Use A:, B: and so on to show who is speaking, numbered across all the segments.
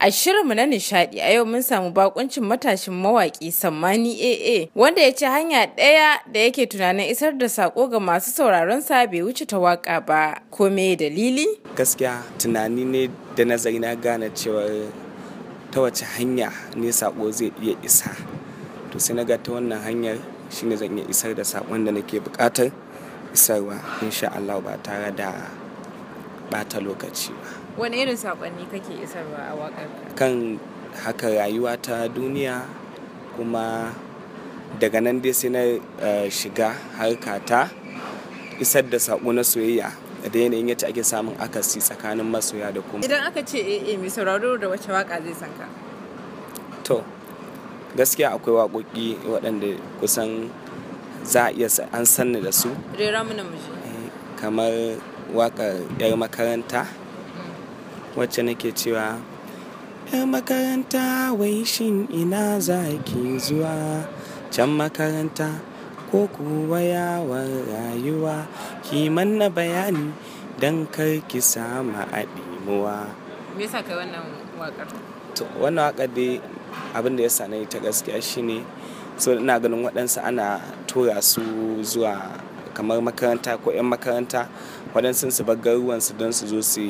A: A shirinmu na nishaɗi a yau mun samu bakuncin matashin mawaki Sammani AA wanda ya ce hanya ɗaya da yake tunanin isar da sako ga masu sauraron sa bai wuce ta waka ba. Ko me dalili? Gaskiya tunani ne da nazari na gane cewa ta wace hanya ne sako zai iya isa. To sai na ga ta wannan hanyar shine zan iya isar da sakon da nake bukatar isarwa insha Allah ba tare da bata lokaci ba wani irin saƙonni kake isarwa a waƙar kan haka rayuwa ta duniya kuma daga nan dai sai na eh, shiga harka ta isar da saƙo na soyayya da yanayin yadda ake samun akasi tsakanin masoya da kuma idan aka ce eh, eh mai sauraro da wacce waka zai sanka to gaskiya akwai waƙoƙi waɗanda kusan za a iya an sanni da su rera mana muji eh, kamar waƙar 'yar makaranta wacce nake cewa 'yar makaranta wai shin ina za ki zuwa can makaranta ko kuwa yawon rayuwa ki manna bayani don kar ki sama a ɗimuwa. Me yasa kai wannan waƙar? wannan waƙar dai abin ya sa ta gaskiya shine so ina ganin waɗansu ana tura su zuwa kamar makaranta ko 'yan makaranta waɗansu su bar garuwansu don su zo su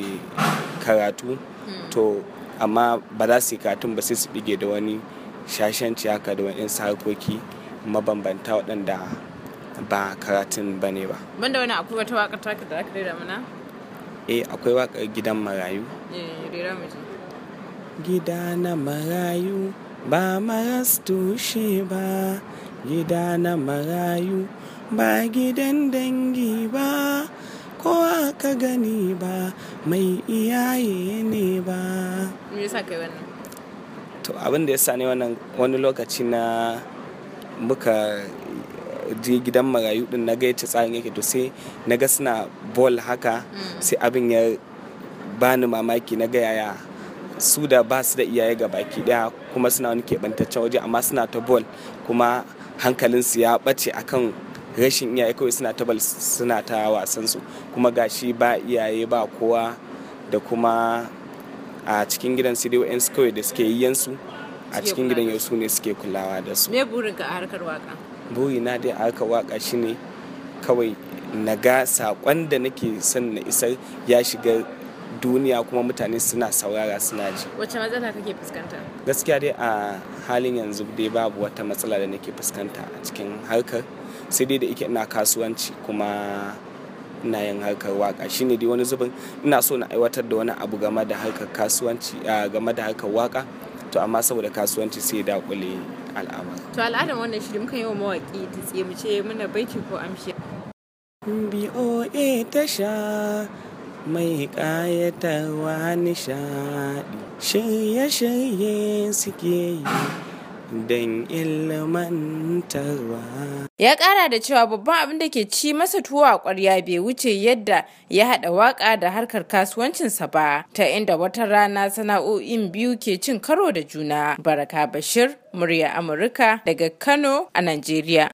A: karatu hmm. to amma ba za su yi karatun ba sai su bige da wani shashanci haka da wani harkoki mabambanta waɗanda ba karatun ba ne ba. Banda wani akwai wata waƙar taka da aka rera mana? Eh akwai wakar gidan marayu. Eh, rera Gida na marayu ba maras tushe ba gida na marayu ba gidan dangi ba ko aka gani ba mai iyaye ne ba me yasa wannan to abin da ya ne wani lokaci na muka je gidan marayu din na gaita tsarin yake to sai na ga suna bol haka mm. sai abin ya bani mamaki na ga yaya su da ba su da iyaye ga baki daya kuma suna wani keɓantaccen waje amma suna ta bol. kuma hankalinsu ya ɓace akan rashin iyaye kawai suna ta suna ta wasansu kuma gashi ba iyaye ba kowa da kuma a cikin gidan su dai wa'yansu kawai da suke yiyansu a cikin gidan yau su ne suke kulawa da su me burinka a harkar waka burina dai a harkar waka shine kawai na ga saƙon da nake son na isar ya shiga duniya kuma mutane suna saurara suna ji wacce matsala kake fuskanta gaskiya dai a halin yanzu dai babu wata matsala da nake fuskanta a cikin harkar sai dai da ike ina kasuwanci kuma ina yin harkar waka shine dai wani zubin ina so na aiwatar da wani abu game da harkar kasuwanci game da harkar waka to amma saboda kasuwanci sai da kule al'amari to al'adar wannan shirin muka yi wa mawaki tsaye mu ce muna baiki ko amshi BOA tasha mai ƙayatarwa nishaɗi shirye-shirye suke yi don ilmantarwa. Ya ƙara da cewa babban abin da ke ci masa tuwo a ƙwarya bai wuce yadda ya haɗa waƙa da harkar kasuwancinsa ba, ta inda wata rana sana'o'in biyu ke cin karo da juna. Baraka Bashir, murya Amurka daga Kano a Najeriya.